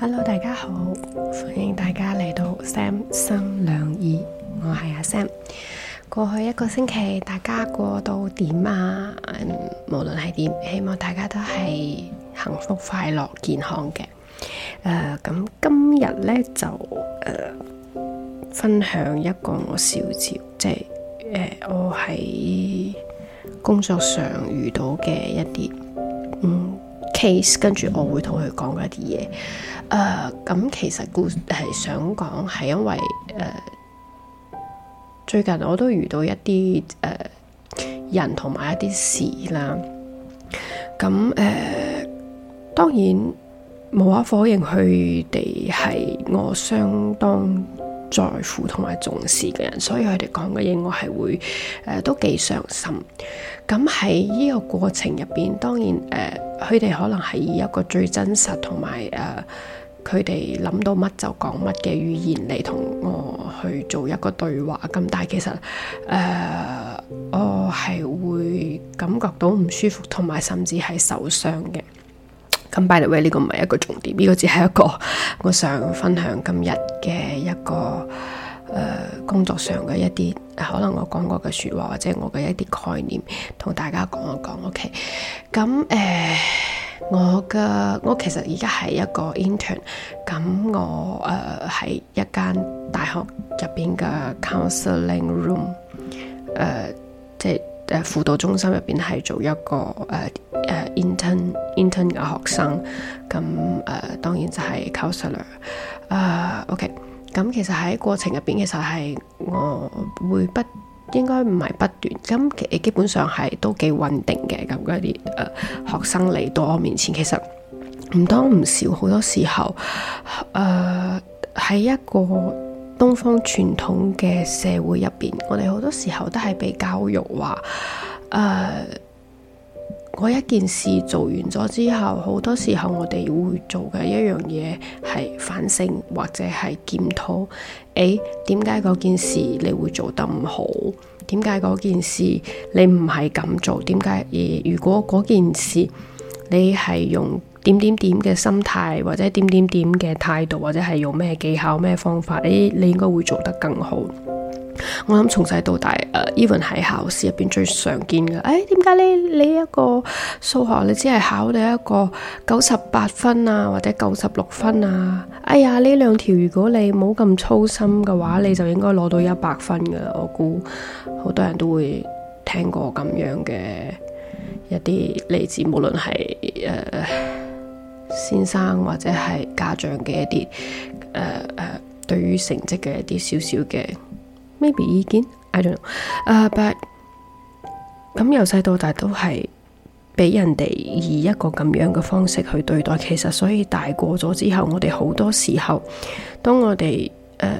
Hello，大家好，歡迎大家嚟到 Sam 心兩意。我係阿 Sam。過去一個星期，大家過到點啊？無論係點，希望大家都係幸福、快樂、健康嘅。咁、呃、今日呢，就、呃、分享一個我少少，即係、呃、我喺工作上遇到嘅一啲 case 跟住我會同佢講一啲嘢，誒、呃、咁其實故事係想講係因為誒、呃、最近我都遇到一啲誒、呃、人同埋一啲事啦，咁、呃、誒當然無可否認佢哋係我相當。在乎同埋重視嘅人，所以佢哋講嘅嘢我係會誒、呃、都幾傷心。咁喺呢個過程入邊，當然誒佢哋可能係以一個最真實同埋誒佢哋諗到乜就講乜嘅語言嚟同我去做一個對話。咁但係其實誒、呃、我係會感覺到唔舒服，同埋甚至係受傷嘅。Uh, by the way 呢個唔係一個重點，呢個只係一個我想分享今日嘅一個誒工作上嘅一啲可能我講過嘅説話或者我嘅一啲概念同大家講一講。OK，咁誒我嘅我其實而家係一個 intern，咁我誒喺一間大學入邊嘅 counseling room 誒、uh。誒輔導中心入邊係做一個誒誒、uh, uh, intern intern 嘅學生，咁誒、uh, 當然就係 counselor，誒、uh, OK，咁其實喺過程入邊其實係我會不應該唔係不斷，咁其基本上係都幾穩定嘅，咁嗰啲誒學生嚟到我面前，其實唔多唔少，好多時候誒喺、uh, 一個東方傳統嘅社會入邊，我哋好多時候都係被教育話，誒，呃、嗰一件事做完咗之後，好多時候我哋會做嘅一樣嘢係反省或者係檢討，誒、欸，點解嗰件事你會做得唔好？點解嗰件事你唔係咁做？點解？而、呃、如果嗰件事你係用？點點點嘅心態，或者點點點嘅態度，或者係用咩技巧、咩方法，你、哎、你應該會做得更好。我諗從細到大，誒，even 喺考試入邊最常見嘅，誒、哎，點解你你一個數學你只係考到一個九十八分啊，或者九十六分啊？哎呀，呢兩條如果你冇咁粗心嘅話，你就應該攞到一百分噶啦。我估好多人都會聽過咁樣嘅一啲例子，無論係誒。呃先生或者係家長嘅一啲誒誒，對於成績嘅一啲少少嘅 maybe 意見，I don't know、uh, but, 嗯。啊，但係咁由細到大都係俾人哋以一個咁樣嘅方式去對待，其實所以大過咗之後，我哋好多時候，當我哋誒、呃、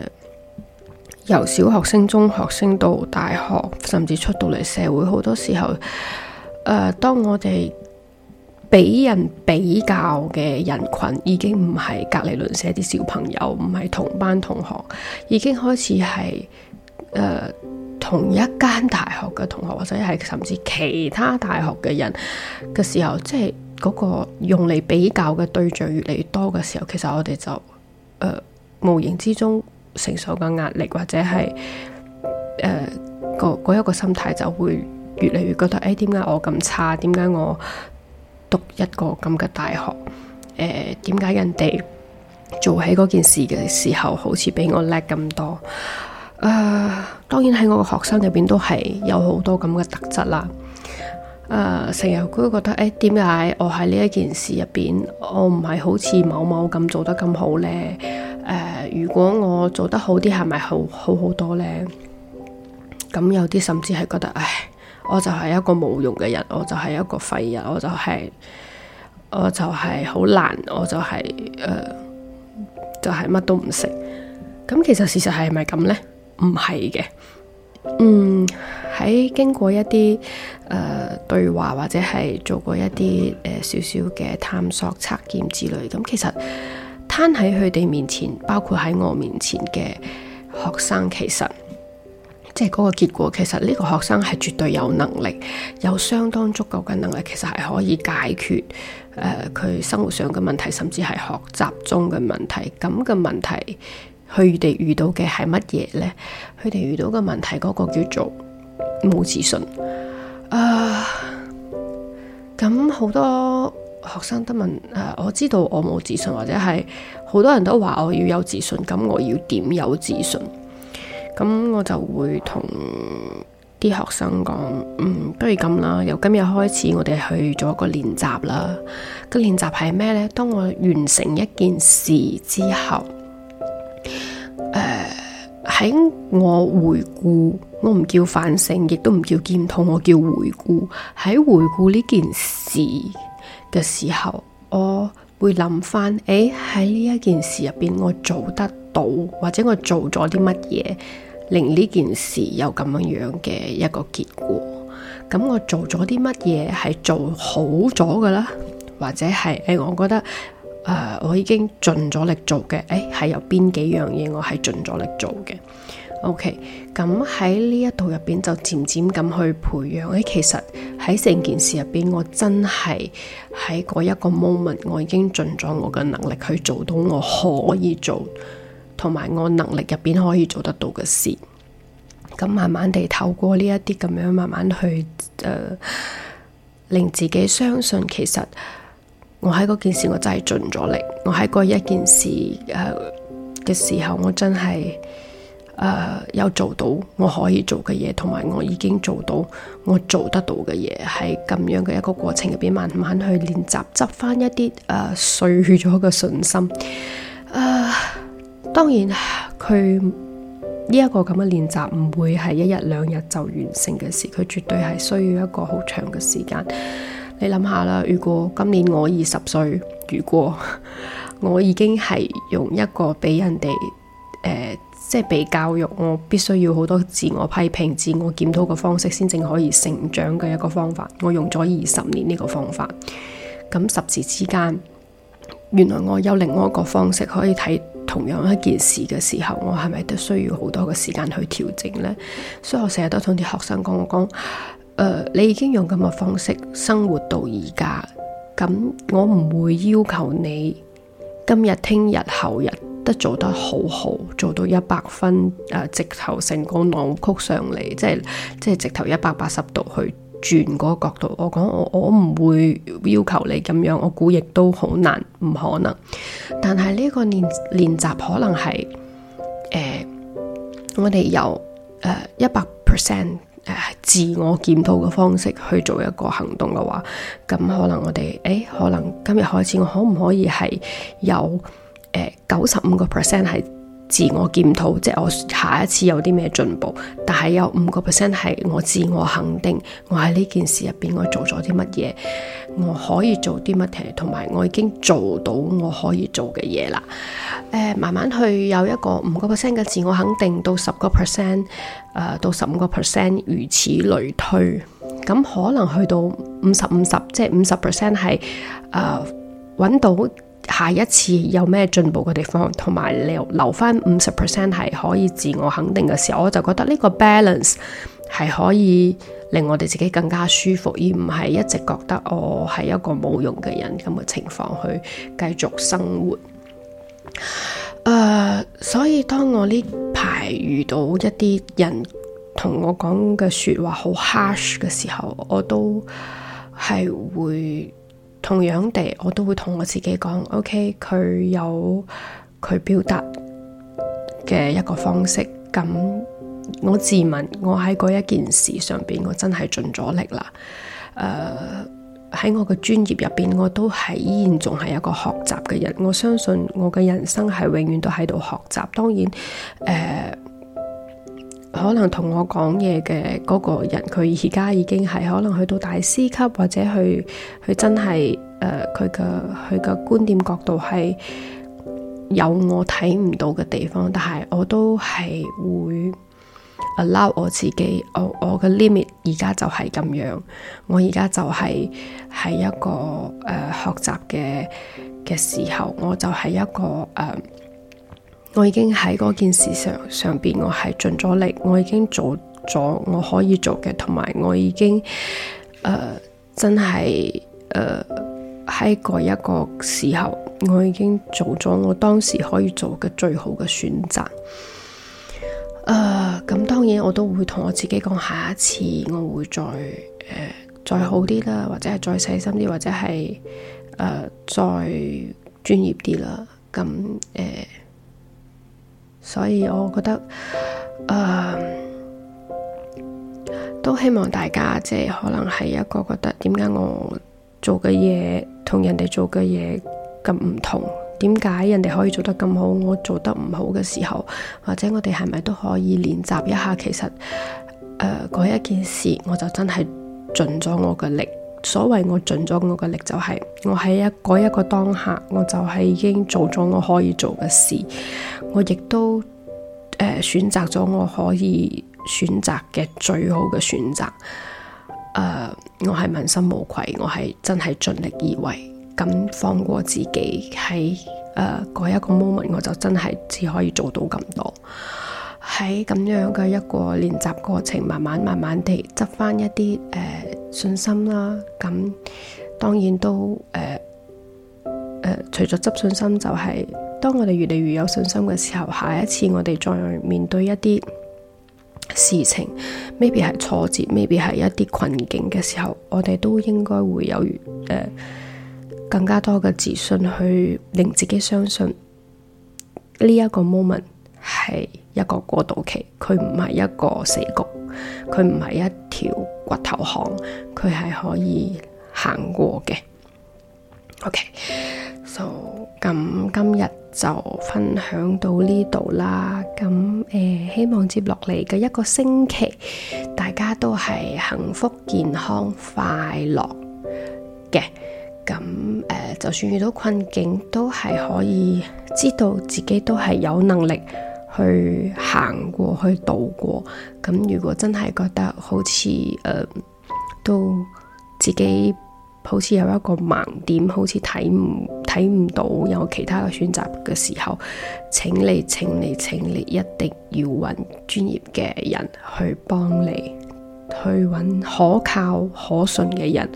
由小學升中學升到大學，甚至出到嚟社會，好多時候誒、呃，當我哋。俾人比較嘅人群已經唔係隔離鄰舍啲小朋友，唔係同班同學，已經開始係誒、呃、同一間大學嘅同學，或者係甚至其他大學嘅人嘅時候，即係嗰個用嚟比較嘅對象越嚟越多嘅時候，其實我哋就誒、呃、無形之中承受嘅壓力，或者係誒個嗰一個心態就會越嚟越覺得，誒點解我咁差？點解我？讀一個咁嘅大學，誒、呃，點解人哋做起嗰件事嘅時候，好似比我叻咁多？誒、呃，當然喺我個學生入邊都係有好多咁嘅特質啦。呃，成日都會覺得，誒，點解我喺呢一件事入邊，我唔係好似某某咁做得咁好呢？誒、呃，如果我做得好啲，係咪好好好多呢？咁有啲甚至係覺得，唉。我就係一個冇用嘅人，我就係一個廢人，我就係、是，我就係好難，我就係、是，誒、呃，就係、是、乜都唔識。咁其實事實係咪咁呢？唔係嘅。嗯，喺經過一啲誒、呃、對話或者係做過一啲誒少少嘅探索測驗之類，咁其實攤喺佢哋面前，包括喺我面前嘅學生，其實。即係嗰個結果，其實呢個學生係絕對有能力，有相當足夠嘅能力，其實係可以解決誒佢、呃、生活上嘅問題，甚至係學習中嘅問題。咁嘅問題，佢哋遇到嘅係乜嘢呢？佢哋遇到嘅問題，嗰個叫做冇自信啊。咁、呃、好多學生都問誒、呃，我知道我冇自信，或者係好多人都話我要有自信，咁我要點有自信？咁我就會同啲學生講，嗯，不如咁啦，由今日開始，我哋去做一個練習啦。個練習係咩呢？當我完成一件事之後，誒、呃，喺我回顧，我唔叫反省，亦都唔叫檢討，我叫回顧。喺回顧呢件事嘅時候，我會諗翻，誒，喺呢一件事入邊，我做得到，或者我做咗啲乜嘢？令呢件事有咁樣樣嘅一個結果，咁我做咗啲乜嘢係做好咗㗎啦？或者係誒、欸，我覺得誒、呃，我已經盡咗力做嘅，誒、欸、係有邊幾樣嘢我係盡咗力做嘅？OK，咁喺呢一度入邊就漸漸咁去培養，誒、欸、其實喺成件事入邊，我真係喺嗰一個 moment，我已經盡咗我嘅能力去做到我可以做。同埋我能力入邊可以做得到嘅事，咁慢慢地透過呢一啲咁樣，慢慢去誒、呃，令自己相信，其實我喺嗰件事我真係盡咗力，我喺嗰一件事嘅、呃、時候，我真係誒、呃、有做到我可以做嘅嘢，同埋我已經做到我做得到嘅嘢，喺咁樣嘅一個過程入邊，慢慢去練習執翻一啲誒、呃、碎咗嘅信心、呃當然，佢呢一個咁嘅練習唔會係一日兩日就完成嘅事，佢絕對係需要一個好長嘅時間。你諗下啦，如果今年我二十歲，如果我已經係用一個俾人哋誒，即係俾教育我必須要好多自我批評、自我檢討嘅方式先正可以成長嘅一個方法，我用咗二十年呢個方法，咁一時之間，原來我有另外一個方式可以睇。同樣一件事嘅時候，我係咪都需要好多嘅時間去調整呢？所以，我成日都同啲學生講，我講，誒、呃，你已經用咁嘅方式生活到而家，咁我唔會要求你今日、聽日、後日都做得好好，做到一百分，誒、呃，直頭成個浪曲上嚟，即係即係直頭一百八十度去，轉嗰個角度，我講我我唔會要求你咁樣，我估亦都好難，唔可能。但係呢個練練習可能係誒、呃，我哋由誒一百 percent 誒自我檢討嘅方式去做一個行動嘅話，咁可能我哋誒、欸、可能今日開始，我可唔可以係有誒九十五個 percent 係？呃自我檢討，即係我下一次有啲咩進步，但係有五個 percent 係我自我肯定，我喺呢件事入邊我做咗啲乜嘢，我可以做啲乜嘢，同埋我已經做到我可以做嘅嘢啦。誒，慢慢去有一個五個 percent 嘅自我肯定，到十個 percent，誒，到十五個 percent，如此類推。咁可能去到五十五十，即係五十 percent 係誒揾到。下一次有咩進步嘅地方，同埋留留翻五十 percent 係可以自我肯定嘅時候，我就覺得呢個 balance 係可以令我哋自己更加舒服，而唔係一直覺得我係一個冇用嘅人咁嘅情況去繼續生活。誒、uh，所以當我呢排遇到一啲人同我講嘅説話好 harsh 嘅時候，我都係會。同樣地，我都會同我自己講，OK，佢有佢表達嘅一個方式。咁我自問，我喺嗰一件事上邊，我真係盡咗力啦。誒、呃，喺我嘅專業入邊，我都係依然仲係一個學習嘅人。我相信我嘅人生係永遠都喺度學習。當然，誒、呃。可能同我講嘢嘅嗰個人，佢而家已經係可能去到大師級，或者去佢真係誒，佢嘅佢嘅觀點角度係有我睇唔到嘅地方，但係我都係會 allow 我自己，我我嘅 limit 而家就係咁樣，我而家就係、是、係一個誒、呃、學習嘅嘅時候，我就係一個誒。呃我已經喺嗰件事上上邊，我係盡咗力，我已經做咗我可以做嘅，同埋我已經誒、呃、真係誒喺嗰一個時候，我已經做咗我當時可以做嘅最好嘅選擇。誒、呃，咁當然我都會同我自己講，下一次我會再誒、呃、再好啲啦，或者係再細心啲，或者係誒、呃、再專業啲啦。咁誒。呃所以，我覺得，誒、呃，都希望大家即係可能係一個覺得點解我做嘅嘢同人哋做嘅嘢咁唔同，點解人哋可以做得咁好，我做得唔好嘅時候，或者我哋係咪都可以練習一下？其實，誒、呃，嗰一件事，我就真係盡咗我嘅力。所謂我盡咗我嘅力，就係我喺一嗰一個當下，我就係已經做咗我可以做嘅事我，我亦都誒選擇咗我可以選擇嘅最好嘅選擇。誒、呃，我係問心無愧，我係真係盡力而為，咁放過自己喺誒嗰一個 moment，我就真係只可以做到咁多。喺咁樣嘅一個練習過程慢慢，慢慢慢慢地執翻一啲誒。呃信心啦，咁當然都誒誒、呃呃，除咗執信心，就係、是、當我哋越嚟越有信心嘅時候，下一次我哋再面對一啲事情，maybe 係挫折，maybe 係一啲困境嘅時候，我哋都應該會有誒、呃、更加多嘅自信去令自己相信呢一個 moment。係一個過渡期，佢唔係一個死局，佢唔係一條掘頭巷，佢係可以行過嘅。OK，就、so, 咁今日就分享到呢度啦。咁誒、呃，希望接落嚟嘅一個星期，大家都係幸福、健康快樂、快樂嘅。咁、呃、誒，就算遇到困境，都係可以知道自己都係有能力。去行過，去度過，咁如果真係覺得好似誒、呃、都自己好似有一個盲點，好似睇唔睇唔到有其他嘅選擇嘅時候，請你請你請你一定要揾專業嘅人去幫你，去揾可靠可信嘅人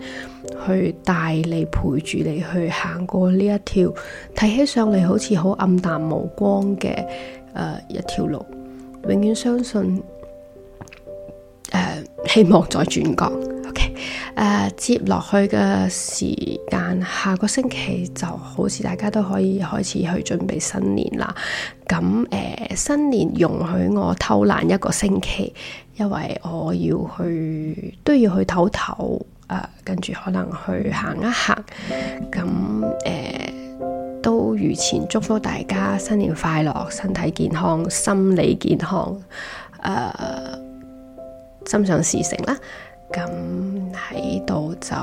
去帶你，陪住你去行過呢一條睇起上嚟好似好暗淡無光嘅。誒、uh, 一條路，永遠相信誒、uh, 希望再轉角。OK，誒、uh, 接落去嘅時間，下個星期就好似大家都可以開始去準備新年啦。咁誒、uh, 新年容許我偷懶一個星期，因為我要去都要去唞唞，誒跟住可能去行一行。咁誒。Uh, 如前，祝福大家新年快樂，身體健康，心理健康，誒、呃、心想事成啦！咁喺度就、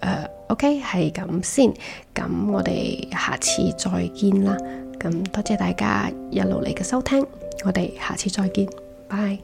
呃、OK，係咁先，咁我哋下次再見啦！咁多謝大家一路嚟嘅收聽，我哋下次再見，拜。